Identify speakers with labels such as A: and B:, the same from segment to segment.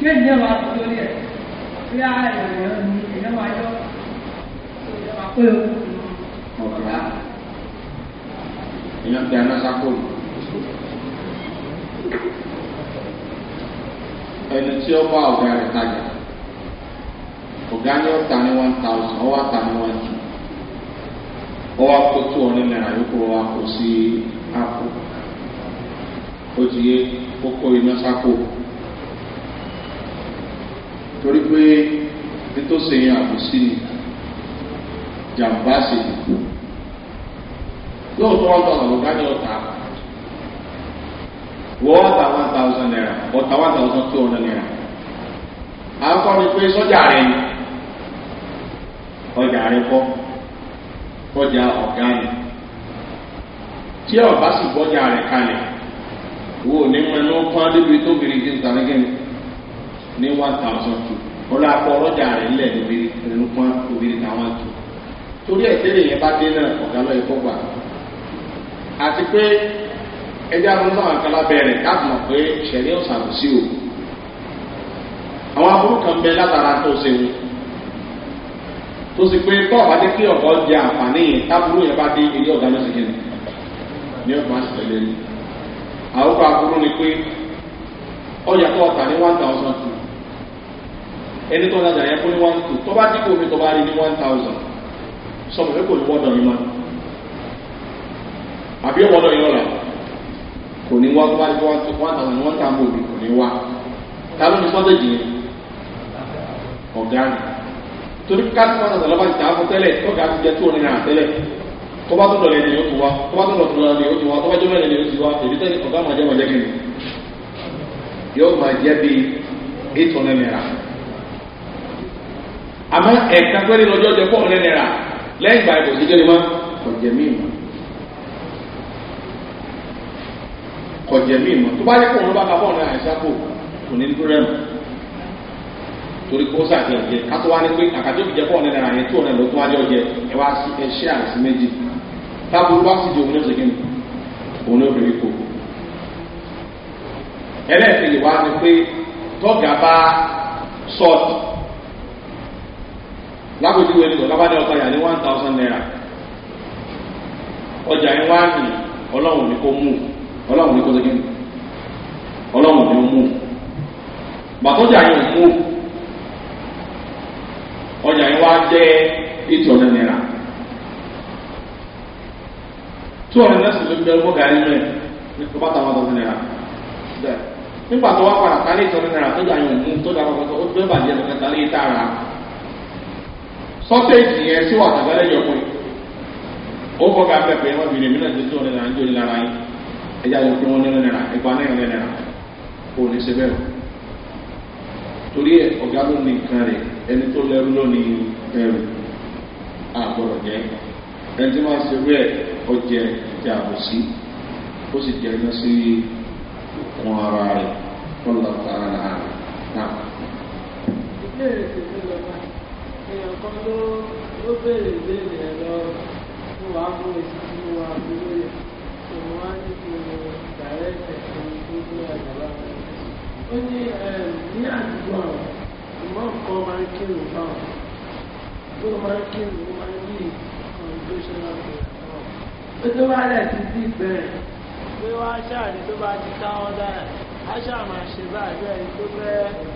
A: kéèyàn máa kú lórí ẹ̀ bí a èèyàn ní èèyàn máa yọ èèyàn máa pé o ọ̀rá èèyàn fi aná sákòlù ẹni tí one thousand ó wá one two ó wá kó two hundred naira yókù ó wá kó sí àpò ó ti torí pé nítòsí yẹn àbòsí ni jàǹbá sì ni lóòótọ́ wọn tọ̀nà ló dájọ́ ọ̀tá wọ́n ọ̀tá one thousand naira ọ̀tá one thousand two hundred naira à ń kọ́ ni pé sọ́jà rẹ̀ ni ọjà rẹ̀ kọ́ ọjà ọ̀gá ni tí ọba sì bọ́jà rẹ̀ kalẹ̀ wo ní mẹ́nu débi tóbi rí kí n tàbí kí n ní one thousand two ọlọ́ akọ ọlọ́jà rẹ̀ ńlẹ̀ níbi ìrìnkún obìnrin táwọn tù torí ẹ̀ tẹ́lẹ̀ yẹn bá dé náà ọ̀gá lọ́ọ́ ẹ̀kọ́ gbà àti pé ẹjẹ́ àwọn náà àkàlà bẹ̀rẹ̀ káàpù mọ̀ pé ìṣẹ̀lẹ̀ ọ̀sàbù sí o àwọn aburú kan bẹ látara tó ṣe wọn tó sì pé tọ́ ọ̀bá dé kí ọ̀gá jẹ àǹfààní yẹn táburú yẹn bá dé ilé ọ̀gá lọ́sẹ̀ yẹn ní ọ̀gbọ́n àti ni àwọn aburú ni pé ọ̀yà tó ọ̀tà ní one thousand two ẹni tó ń rajà yẹn kó ní one two tó bá dípò mi tó bá rí ní one thousand sọmọ pé kò ní wọ́dọ̀ yín mọ́ àbí wọ́dọ̀ yín lọ́la kò ní wá tó bá dípò one thousand one thousand òbí kò ní wá ta ló ní sọ́dẹ̀jì yẹn ọ̀gá ni torí káàtì one thousand lọ́ba ti tà á fún tẹ́lẹ̀ ọ̀gá ti jẹ́ two hundred and tẹ́lẹ̀ tó bá tó dọ̀lẹ́ ni yóò ti wá tó bá tó dọ̀lẹ́ ni yóò ti wá tó bá jọ́lẹ́ ni yóò ti wá èyí tẹ́lẹ̀ ọ̀gá máa jẹ́ máa jẹ́ kí ni yóò máa jẹ́ bíi eight hundred naira. àmọ́ ẹ̀ka péré lọ́jọ́ jẹ fún ọ̀rẹ́ náírà lẹ́yìn ìgbà ìbò síjọ́ ni wọ́n kọ̀jẹ̀ mí mọ́ kọ̀jẹ̀ mí mọ́ tó bá yẹ kó òun bá ka fún ọ̀rẹ́ àìsàkó kò ní dúró mọ́ torí kó sàkíyàn jẹ kátó wá ní pé àkàtó fi fún ọ̀rẹ́ náírà yẹn tó ọ̀rẹ́ ló tó wájọ́ jẹ ẹ wá sí méjì òun ní oṣù òun ní kò pé tọ́gà bá sọ́ọ̀tì lápẹjúwe ní ọ̀làbádé ọkọ yà ní one thousand naira ọjà yẹn wá ní ọlọ́run ní kó mú ọlọ́run ní kó tó kíni ọlọ́run ní ó mú bàtọ́jà yẹn mú ọjà yẹn wá jẹ́ eight hundred naira two hundred naira sì ló gbẹ ọgbọ́n gàrí mẹ́rin ní kó bá ta naira nígbà tó wá padà tálé eight hundred naira tọ́jà yẹn mú tọ́jà kọ̀ọ̀kan tó ó gbé bàjẹ́ lọ́kàn tálé tá a rà á sọ́tẹ̀jì yẹn sí wà tàbálẹ̀ yọ pé ó fọ́ ká pẹ̀pẹ̀ wọn bìnrin mi náà ti tó nínú àjò ìlara yín ẹja yọ pé wọn nínú nira ẹgbà náà nínú nira kò ní ṣe bẹ́ẹ̀ torí ẹ ọ̀gá ló ní nǹkan rẹ ẹni tó lẹ́rú ló ní ẹrù àgbọ̀rọ̀ jẹ́ ẹni tí wọ́n ṣe bẹ́ẹ̀ ọjẹ́ ìjà àbòsí ó sì jẹ́ iná sí wọn ara rẹ̀ kọ́ńtà tààrà náà èèyàn kan ló ló béèrè ìbéèrè ẹ lọ fún wa fún èsì tí mo wà fún lóye tó mo ní kí mo dàrẹ́ ẹ̀sìn tó gbé àgbàlá rẹ̀. ó ní eh, ní àdúgbò àwọn ìmọ̀ nǹkan máa ń kírun fáwọn tó máa ń kírun ó máa ń ní congregational prayer fáwọn. ó tó bá rẹ̀ ti bí bẹ́ẹ̀ pé wá ṣáà ní tó bá ti káwọn dára á ṣáà máa ṣe báyìí bẹ́ẹ̀ tó fẹ́ẹ́.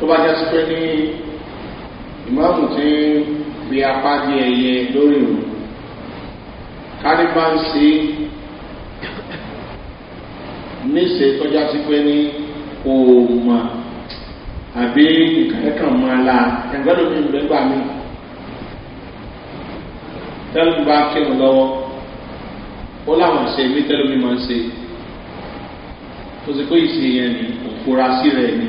A: tó bá jẹ́ sí pé ní ìmáàmù tí ń gbé apá di ẹyẹ lórí òun kánífà ń ṣe níṣe tọ́já sí pé ní òòmà àbí ìkàlẹ́kàn máa la ẹ̀gbọ́n mi ìgbẹ́gbà mi tẹ́lẹ̀ bá kírun lọ́wọ́ ó láwọn ṣe mí tẹ́lẹ̀ mi máa ń ṣe tó ṣe pé ìṣe yẹn ni òfurasí rẹ̀ ni.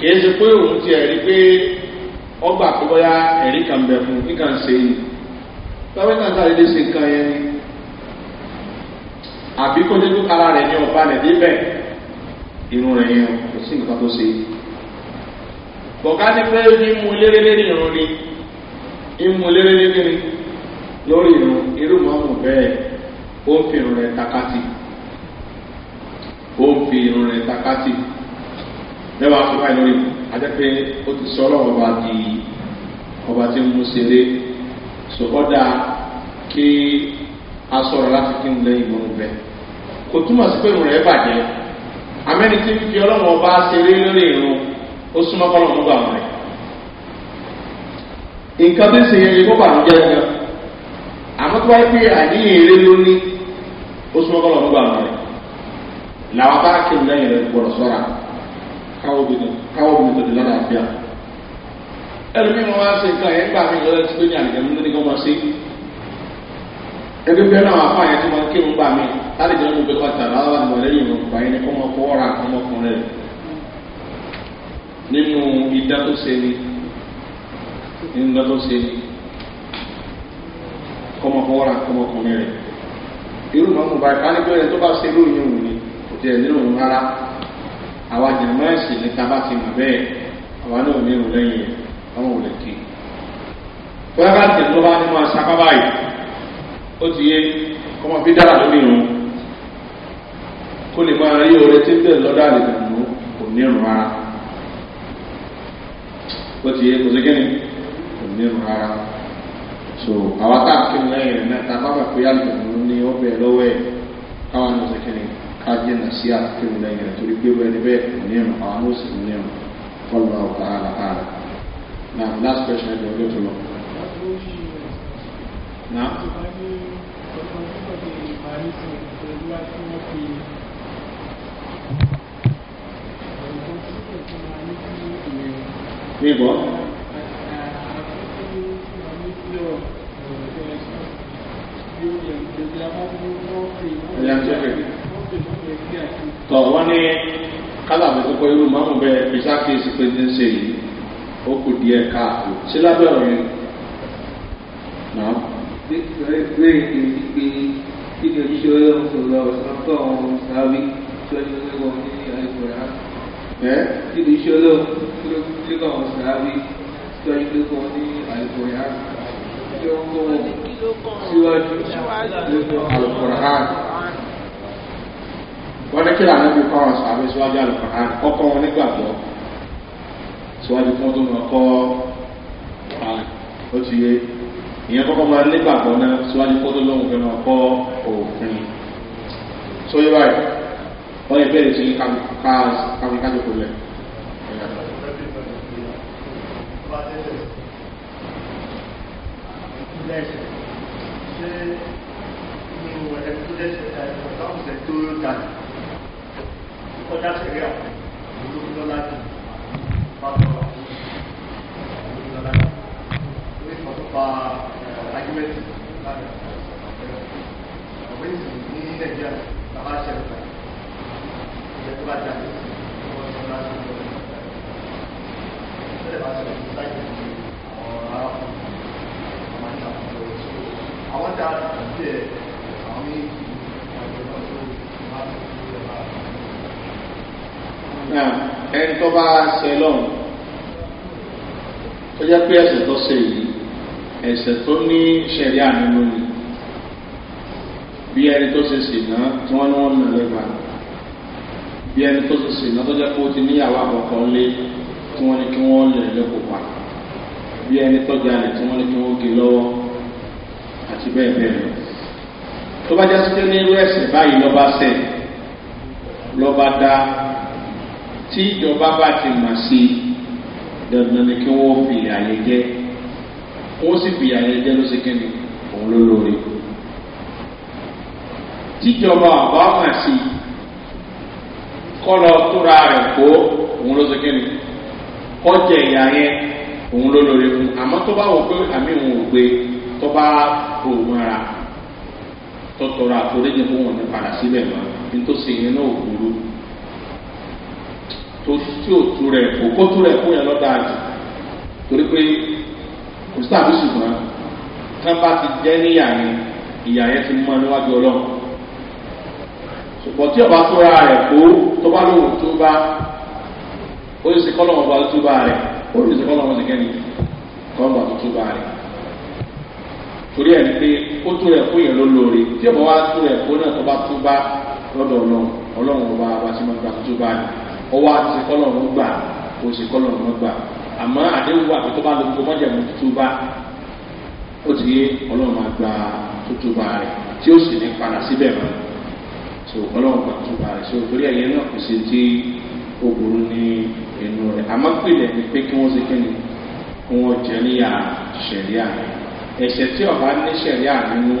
A: kìí ṣe pé òun ti ẹ̀rí pé ọgbà pé bóyá ẹ̀rí kan bẹ̀ fún ṣe ni lọ́wọ́ náà lè ṣe nǹkan yẹn ni àbí kó rẹ̀ ní ọba rẹ̀ débẹ̀ irun rẹ̀ yẹn kò sí nǹkan tó ṣe. ní pé ní irun ni ní mẹ́wàá tó báyìí lórí àjẹpẹ́ ó ti sọ ọlọ́run ọba di ọba tí ń mú ṣeré sọkọ́dà kí a sọ̀rọ̀ láti kí n lẹ́yìn mọ́nú bẹ́ẹ̀ kò túmọ̀ sí pé ìrùn rẹ̀ bàjẹ́ amẹ́ni tí ń fi ọlọ́run ọba ṣeré lórí ìrùn ó súnmọ́ kọ́lọ̀ mú bàmù rẹ̀ nǹkan tó ṣe yẹn kó bàmújẹ́ gan àmọ́ tó wáyé pé àníyàn eré ló ní ó súnmọ́ kọ́lọ̀ mú bàmù rẹ̀ làwọn bá kí n lẹ́yìn rẹ̀ gbọ́dọ̀ sọ́ra káwọ́ bí ní káwọ́ bí ní tòdì lọ́dà àbíà ẹlòmíì wọn wá ṣe nǹkan yẹn gbà mí lọ́dà tí pé ní àlejò ní ní kí wọ́n ṣe ẹgbẹ́ bẹ́ẹ̀ náà àpá yẹn tí wọ́n kírun gbà mí lálejò ní gbogbo ọjà láwọn àti mọ̀lẹ́yìn wọn gbà yẹn ní kó wọn fọwọ́ ra kán ọkùnrin rẹ̀ nínú idá tó ṣe ni nínú idá tó ṣe ni kó wọn fọwọ́ ra kán ọkùnrin rẹ̀ irú mọ́mú báyìí ká ní pé ẹni tó bá ṣe lóyún òun ni kò tiẹ̀ nínú òun rárá àwa jàmọ́ ẹ̀sìn ní tábà ti mọ̀ bẹ́ẹ̀ àwa náà ní ìrù lẹ́yìn rẹ̀ àwọn ò lè ké. bóyá bá tẹ̀ tó bá ní máa sapá báyìí ó ti yé kọ́mọ fi dára lórí irun kó lè máa rí oore tí ń bẹ̀rẹ̀ lọ́dọ̀ àlejò kò ní irun rárá ó ti yé kò sí kíni kò ní irun rárá so àwa tá a kí ni lẹ́yìn rẹ̀ náà tá a bá bàa pé àlejò ní ọbẹ̀ lọ́wọ́ ẹ̀
B: káwọn ní ọ̀sẹ̀ kíni ajina sí àfikún lẹ́yìn rẹ̀ torí pé wẹ́n níbẹ̀ nínú àwọn ó sì nínú fọlọ́ ọ̀tá àlà àlà. Now last question ẹ̀dùn ọjọ́ tó lọ.
A: Now. Níbo? Ẹ̀yà ń jẹ́ bẹ̀rẹ̀ tọ̀ wọ́n ní kálàmù tó kọ́ irú máàmù bẹ́ẹ̀ fi sákèésí pé ní ṣe yìí ó kù díẹ̀ káàkó ṣé lábẹ́ ọ̀rọ̀ yẹn náà. bẹ́ẹ̀ ni pé kí ni ojúṣe ọlọ́run sọ̀rọ̀ ọ̀sánfọ́ àwọn sáré síwájú lẹ́wọ̀n ní àìkúrá. kí ni ojúṣe ọlọ́run lẹ́kọ̀ọ́ àwọn sáré síwájú lẹ́wọ̀n ní àìkúrá. síwájú lẹ́kọ̀ọ́ wọ́n ní kí lànà bí kọ́ àwọn sàbẹ̀ síwájú àlùkòrán kọ́kọ́ wọn nígbàgbọ́ síwájú fún tó máa kọ́ ó ti yé ìyẹn kọ́kọ́ máa nígbàgbọ́ náà síwájú fún tó lóhùn fẹ́ máa kọ́ òfin tó yé báyìí wọ́n yẹ bẹ́ẹ̀ sí kámikájú kò lẹ̀. Thank you kọjá sẹ̀rí àwọn olóńgbọ́lá jù pàtó àwọn olóńgbọ́lá jù lórí ìfọ̀tọ́pa eh, ajímẹ́tì lábẹ́. náà ẹni tó bá ṣe lọ́hùn tó jẹ́ pé ẹ̀sẹ̀ tó ṣe yìí ẹ̀sẹ̀ tó ní ṣẹ̀rí àmínú ni bí ẹni tó ṣe sì náà tí wọ́n ní wọ́n nà lẹ́gbà bí ẹni tó ṣe sì náà tó jẹ́ pé ó ti níyàwó àkọ́kọ́ lé tí wọ́n ní kí wọ́n lè lẹ́kọ̀ọ́ pa bí ẹni tó jalè tí wọ́n ní kí wọ́n gé lọ́wọ́ àti bẹ́ẹ̀ bẹ́ẹ̀ lọ tó bá jẹ́ sí pé ní irú ẹ̀sìn báyìí lọ́ba sẹ́ẹ̀ lọ́ba dá tí ìjọba bá ti mà sí dandan ni kí wọ́n fi àyè jẹ́ wọ́n sì fi àyè jẹ́ ló ṣe kẹ́ni òun ló lóore. tíjọba àbá mà sí kọ́lọ̀ tóra rẹ̀ kó òun ló ṣe kẹ́ni kọ́jẹ̀ ìyá yẹn òun ló lóore fún àmọ́ tó bá wọ pé àmì òun ò gbé tó bá fò mọ́ra tó tọrọ àforíjì fún wọn ní padà síbẹ̀ mọ́ ní yẹn náà ò burú tó tí ò tu rẹ̀ kò kó tu rẹ̀ kó yẹn lọ́dà jù torí pé kò sí tàbí ṣùgbọ́n tí wọ́n bá ti jẹ́ níyà ni ìyà yẹn ti mọ níwájú ọlọ́run ṣùgbọ́n tí ọba tó ra rẹ̀ kó tó bá lóhùn tó bá ó sì kọ́ lọ́wọ́ bá tó bá rẹ̀ ó sì kọ́ lọ́wọ́ nìkẹ́ ni kọ́ lọ́wọ́ tó bá rẹ̀ torí ẹni pé ó tó rẹ̀ kó yẹn ló lóore tí ọba wa tó rẹ̀ kó náà tó bá tó bá lọ́dọ̀ ọlọ́run ọlọ́run ọba wa ti máa gba tó bá rẹ̀ ọwọ́ àti kọ́lọ̀ ń gbà kò sí kọ́lọ̀ ń gbà àmọ́ àdéhùn wà pé tó bá lo gbogbo mọ́jàmú tuntun bá ó ti yé ọlọ́run máa gba tuntun bá rẹ̀ tí ó sì ní padà síbẹ̀ mọ́ so ọlọ́run gba tuntun bá rẹ̀ so torí ẹ̀yẹ náà kò sí ti ogun ní inú rẹ̀ àmọ́ pìlẹ̀ ni pé kí wọ́n ṣe kí ni kí wọ́n jẹ́ níyà ṣẹ̀ríà ẹ̀ṣẹ̀ tí ọba ní ṣẹ̀ríà nínú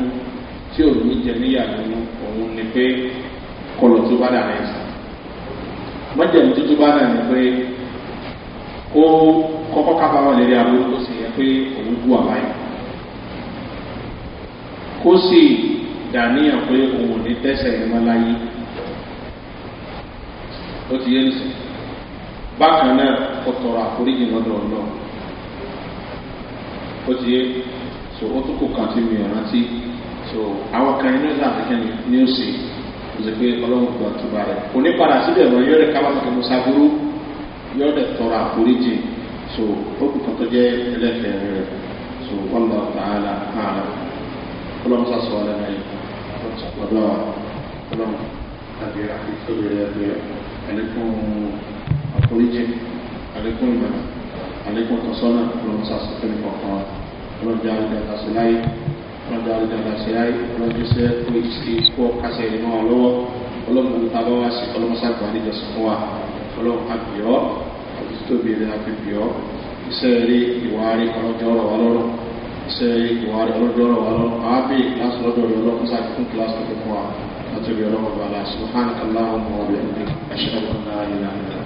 A: tí òun ní jẹ́ níyà nínú òun ni pé kọlọ̀ tó bá dà rẹ̀ sí mọ́jẹ̀mú tuntun bá náà ní pé kó kọ́kọ́ kábàámọ̀ lérí aburú tó sì yẹ pé òun bú àbáyé kó sì dàníyàn pé òun ò ní tẹ́sẹ̀ yẹn mọ́ láyé ó ti yé nìsín bákan náà kò tọrọ àforíjì lọ́dọ̀ ọ̀nà ó ti yé so ó tún kò kàn sí mi ọ̀rántí so àwọn kan inú ìlànà kẹ́ni ni ó ṣe ṣe pé ọlọ́run gba túbà rẹ̀ kò ní padà síbẹ̀ mọ́ yóò rẹ̀ kábà tó mú sábúrú yóò rẹ̀ tọrọ àforíjì so ó kù kan tó jẹ́ ẹlẹ́fẹ̀ẹ́ rẹ̀ so wọ́n lọ tààlà ààrẹ ọlọ́run sàṣọ ọ̀rẹ́ rẹ̀ ọ̀dọ́ ọlọ́run tàbí àkókò rẹ̀ pé àlékún àforíjì àlékún ìmọ̀ràn àlékún tọ̀sọ́nà ọlọ́run sàṣọ fẹ́ẹ́ wọn dá ọdún àgbà sí ayé wọn ti sẹ kó ìsì kó kásẹ ìrìnà wọn lọwọ ọlọmọdé tá a bá wá sí ọlọmọsá àgbà níjọ sí fún wa ọlọmọ àbíọ àti tóbi rẹ àbíbíọ iṣẹ rí ìwà rí ọlọjọ ọrọ wa lọrọ iṣẹ rí ìwà rí